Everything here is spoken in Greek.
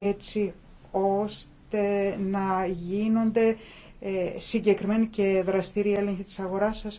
έτσι ώστε να γίνονται ε, συγκεκριμένοι και δραστήριοι έλεγχοι της αγοράς σας.